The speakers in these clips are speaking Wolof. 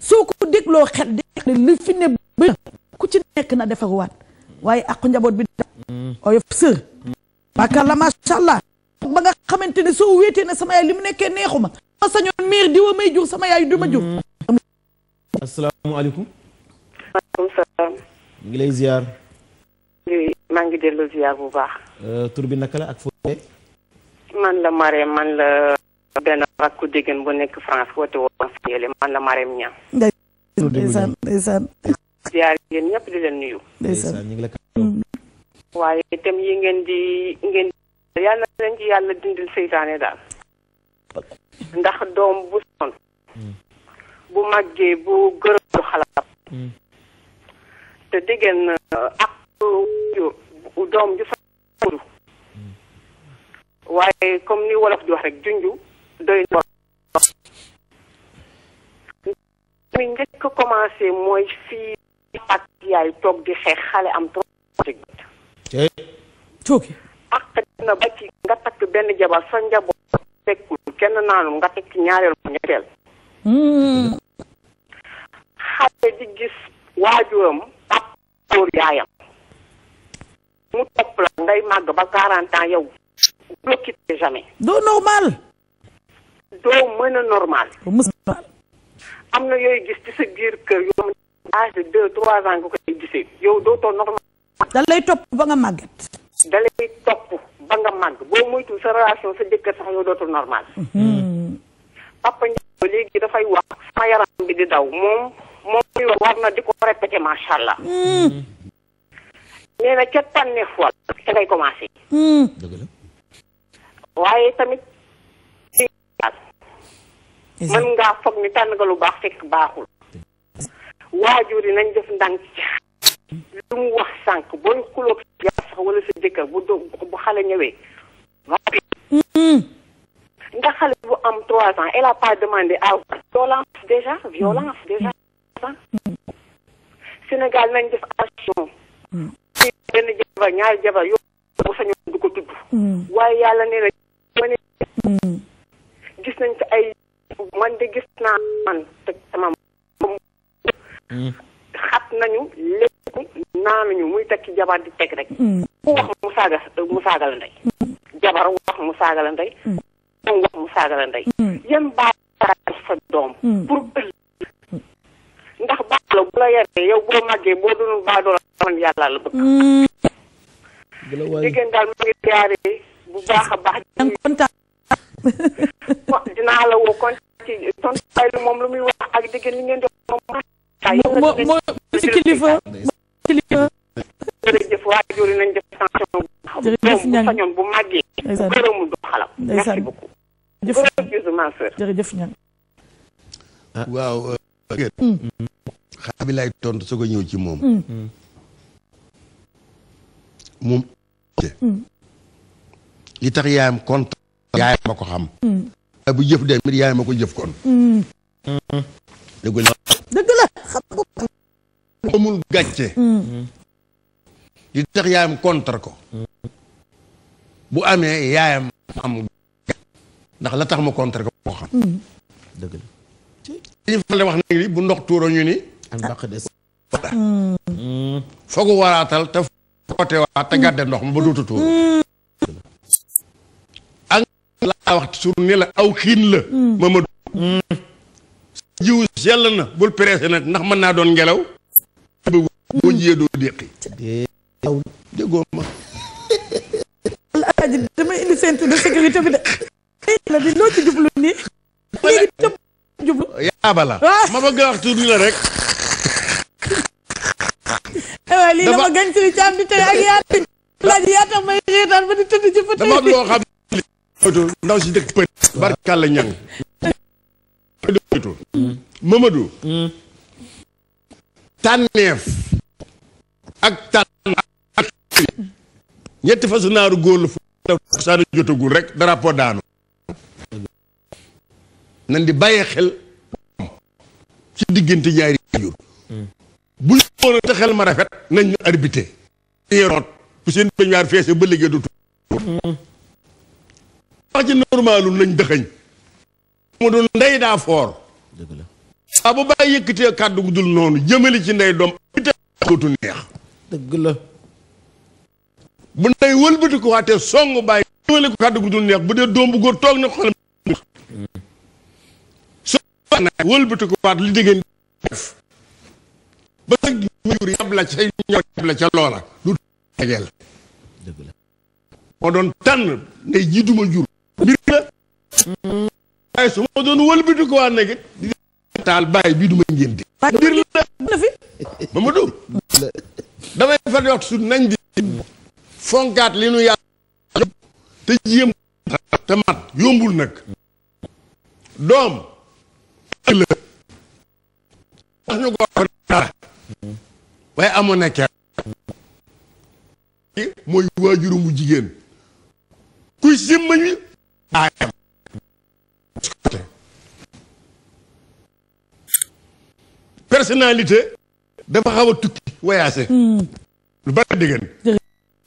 soo ko dégloo xet di xet fi ne bëri ku ci nekk na defaruwaat waaye àqu njaboot bi da mm. oyof sër baakaar la macha allah ba nga xamante ne soo wéetee ne sama yaay li mu nekkee neexuma ma sañoon miir di wa may jur sama yaay du ma jur mm. asalaamaaleykum maaleykum salaam ngi lay ziar maa ngi dellu ziar bu baax euh, tur bi naka la ak foofu man la Marème man la benn rakku déggan bu nekk France woote woon fan man la Marème Niang. ndeysaan ndeysaan ziar yéen ñëpp di leen nuyu. ndeysaan ñu ngi la waaye itam yi ngeen di ngeen yàlla leen ci yàlla dindil seytaane daal. ndax doom bu son. Mm. bu màggee bu gërëm xalaat. Mm. te diggéen eh, ak doom ju fa mm. waaye comme ni wolof di wax rek junju doy na mi njëkk commencé mooy fii ak yaay toog di xeex xale am trop tuuki eh? ak dina nga kenn naanum nga tekk ñaareel mu ñetteel hmm. xale di gis waajuram ak góor yaayam mu topp la ngay màgg ba quarante ans yow bloqué jamais doo normal doo mën a normal. am na yooyu gis ci sa biir kër yoo xam ne âge de deux trois ans e nga koy gisee yow dootoo normal. da top topp ba nga màgget. da lay topp ba nga màgg boo moytu sa relation sa jëkkër sax yow dootul normal. papa Ndiaye léegi dafay wax sama yaram bi di daw mom moom muy wax war na di ko répété macha allah. nee na ca tànneef wàll ca ngay commencé. waaye tamit. mën ngaa foog ni tànn nga lu baax fekk baaxul. waajur yi nañ def ndànk lu mu wax sànq booy xulóog sa jabar sax wala sa jëkkër bu do bu xale ñëwee. Hmm. ndax xale bu am trois ans elle a pas demandé à violence déjà violence déjà. Sénégal nañ def action. Hmm. benn jabar ñaari jabar yóbbu bu sañoon du ko tudd. Hmm. waaye yàlla nee gis naa man te sama xat nañu léegi naanuñu muy teg ci jabar di teg rek. ku wax mu saaga mu saaga la ndey. jabar wax mu saaga la ndey. doom wax mu saaga la ndey. yan baal sa doom. pour ëllëg ndax baal bu la yaree yow boo màggee boo doonul baadoo la man yàlla la bëgg. Mm. jigéen daal mu ngi jaaree bu baax a baax. jigéen ñi ngeen jox moom mooy si kilifa mooy si kilifa. jërëjëf waajur yi nañ def attention. jërëjëf Niang bu sañoon bu màggee. ndeysaan gërëmul du xalam. merci beaucoup. jërëjëf Niang ah, waaw. Euh, hmm. xale bi lay tontu soo ko ñëw ci moom. Hmm. moom. Hmm. li tax yaayam kontaan yaayam ma ko xam. bu jëf dem yaayam ma ko jëf kon. dëgg la dëgg la xam nga amul gàcce di mm. tax yaayam contre ko bu amee yaayam am ndax la tax ma contre ko moo xam mm. dëgg la wax nag bu ndox tuuro ñu ni mm. foogu waraatal te foote waa te gàdde ndox ma ba dootu tuur ak laa wax sur ni la aw xiin la ma ma jiw sell na bul pressé ndax mën naa doon ngelaw boo jiyee doo déqi déggoo ma alaaji dama indi ceinture de sécurité de la ci jublu nii jublu ah. ma bëgg a wax tuuti la rek waaye lii dama gañ si caam di tey ak yaa tax may reetaan ba di tëdd ci fa tey dama loo xam ndaw si dëkk përi barkal la ñang moytu Mamadou tànneef ak tànn ak ñetti fasu naaru góor la fu saana jotagul rek drapeau daanu nan di bàyyi xel ci diggante ñaari jur bu ñu te xel ma rafet nañ ñu arbité yeroot bu seen bañwaar feese ba liggéey du tuur wax ci normalul nañ dëxëñ mu du ndey daa foor saa bu bàyyi yëkkatee kàddu gu dul noonu jëmali ci ndey doom te xuutu neex dëgg bu ndey wëlbati ko waatee song neex bu dee doom bu góor toog na xolam soo na wëlbati li déggeen def ba nag la ca ñaw yab la jiituma jur mbir la waaye su ma doon wëlbati ko waa nag di taal bàyyi bii du ma ngénte dir la na fi Mamadou damay far yox su nañ di fonkaat li nu yàlla te jéem te mat yombul nag doom la waaye amoon na mooy waajuru jigéen kuy simmañ wi aayam personnalité dafa xaw a tukki wayaase hmm. lu bari dégg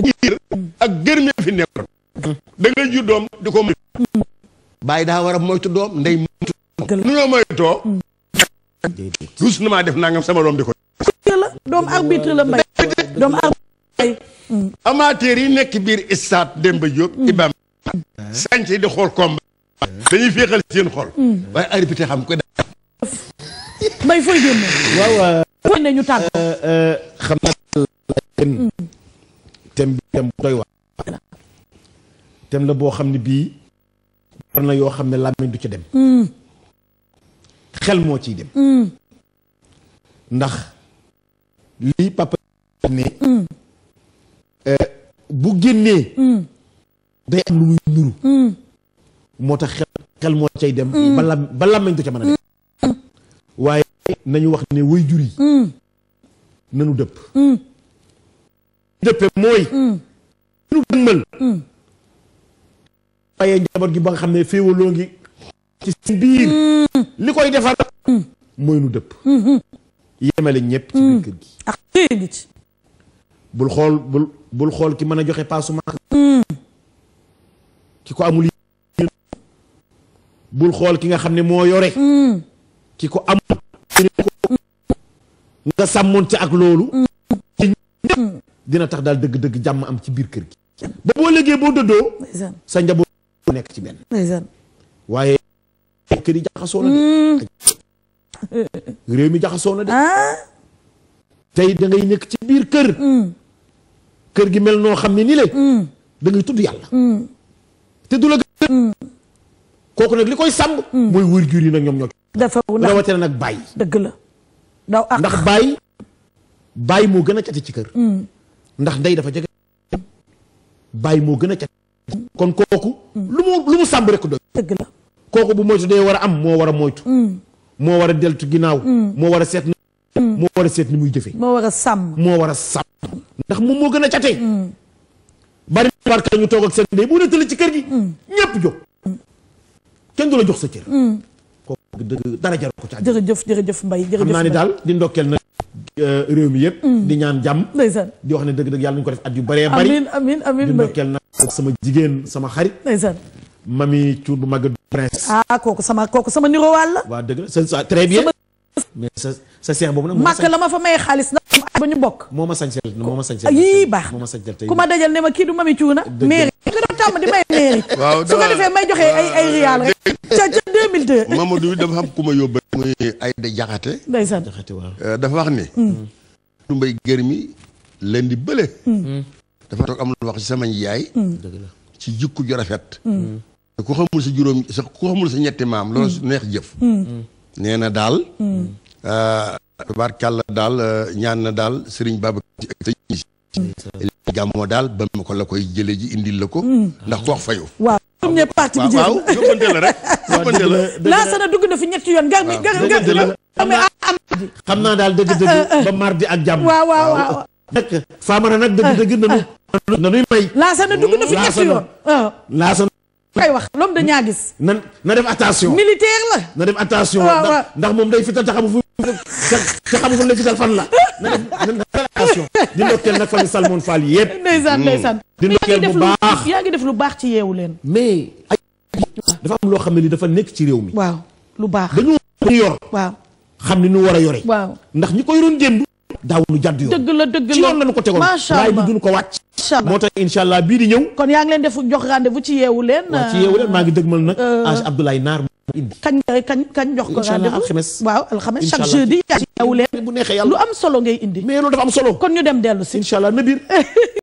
ngeen ak gërmee fi nekkoon hmm. doom di ko moytu hmm. bàyyi daa war a moytu doom ndey moytu nu ñoo moytoo ruus na maa def nangam sama doom di ko doom arbitre la mbay doom arbitre yi nekk biir stade Demba Diop ibam sànc di xool combat dañuy féexal seen xool waaye arbitre xam ko da fooy génnee. waaw fooy ne ñu tàgg. Euh, euh, xam naa thème mm. thème bi thème bu doy waar. thème la boo xam ne bii war na yoo xam ne làmmiñ du ca dem. Mm. xel moo ciy dem. Mm. ndax lii papa ne. Euh, bu génnee. day am lu muy nuru. moo tax xel xel moo cay dem. ba làmmiñ du ca mën a dem. waaye nañu wax ne way jur yi hmm. nanu dëpp hmm. dëppe mooy hmm. nu dëgmal waaye gi ba nga xam ne féewaloo ngi ci seen biir li koy defar mooy nu dëpp yemale ñëpp ci biir gi bul xool bul xool ki mën a joxe paasu ki ko amul bul xool ki nga xam ne moo yore ki ko am nga sàmmoon ci ak loolu. Mm. Mm. dina tax daal dëgg-dëgg jàmm am ci biir kër gi. ba boo léegee boo dëddoo. sa njaboot nekk ci benn. waaye kër yi jaxasoo de. Mm. réew mi jaxasoo na de. Ah. tey da ngay nekk ci biir kër. gi mel noo xam ne nii la. da tudd yàlla. te du la gën kooku nag li koy sàmm. mooy wërjur na nag ñoom ñoo. dafa rawate na nag bàyyi dëgg la. daw ak ndax baay bàyyi moo gën a cati ci kër. Hmm. ndax ndey dafa jege. bàyyi moo gën a cati. kon kooku. Hmm. lu mu lu mu sàmb rek doy. kooku bu moytu dee war a am moo war a moytu. Hmm. moo war a deltu ginnaaw. moo war a seet. moo war seet ni muy jëfe moo war a sàmm moo war a sàmm. ndax moom moo gën a catee. bari na barka ñu toog ak seen ndey bu ne tële ci kër gi. ñëpp jóg kenn du la jox sa cër. dëgg dara jaru ko ci àddina jërëjëf jërëjëf Mbaye jërëjëf xam naa ni daal di ndokkeel na euh, réew mi yëpp mm. di ñaan jàmm ndeysaan di wax ne dëgg-dëgg yàlla ñu ko def at yu bëree bëri amiin amiin amiin di ndokkeel na sama jigéen sama xarit ndeysaan mami cuur bu mag prince ah kooku sama kooku sama niroo wàll la waa sa très bien mais sa sa seex boobu nag màkk la ma fa may xaalis na ba ñu bokk moo ma sañsel moo ma sañsel yii baax ku ma dajal ne ma kii du mami cuur na xaw ma di may mairie. waaw ko defee may joxee ay ay riyaal dafa xam ku yóbbee. muy Aïda Diakhaté. ndeysaan euh, dafa wax ni. Hmm. du mbay leen di bële. Hmm. dafa toog am lu wax ci sama yaay. Hmm. ci jikko ju rafet. ku xamul sa juróom sa ku xamul sa ñetti maam. loolu neex jëf. nee na daal. Euh, tubaarkàlla daal euh, ñaan na daal Serigne Babacar ci ak gàmmoo daal ba mu ko la koy jëlee ji indil la ko. Hmm. ndax ko wax fayu. waaw premier parti bi jeex waaw yokkante la rek. yokkante la laasana dugg na fi ñetti yoon. waaw yokkante la xam naa daal dëgg-dëgg eh, eh, eh. ba mardi ak jàmm. waaw waaw waaw. nag Famara nag dëgg-dëgg nanu. nanuy may. laasana dugg na fi ñetti yoon. laasana kay wax loolu dañaa gis. na na def attention. militaire la. na def attention. ndax moom day fital te xamu fu te xamu fu ne fital fan la. attention di ndokkeel nag famille Salmon Fall yëpp. ndeysaan mm. ndeysaan. di ndokkeel bu baax yaa ngi def lu baax ci yeewu leen. mais ay dafa am loo xam ne li dafa nekk ci réew mi. waaw lu baax dañu yor. waaw xam ni ñu war a yore. waaw ndax ñi ko yoroon démb. daawuñu jàdd yoon dëgg la dëgg la ci ko tegoon waaye ko wàcc moo tax incha allah bii di ñëw kon yaa ngi leen def jox rendez bu ci yeewu leen waaw ci yeewu leen maa ngi dëgmal nag euh, age Abdoulaye Naar moo indi kañ kañ kañ jox ko rendez-vous alxames waaw alxames chaque jeudi yaa ci yeewu leen bu neexee yàlla lu am solo ngay indi mais loolu dafa am solo kon ñu dem dellu si incha allah na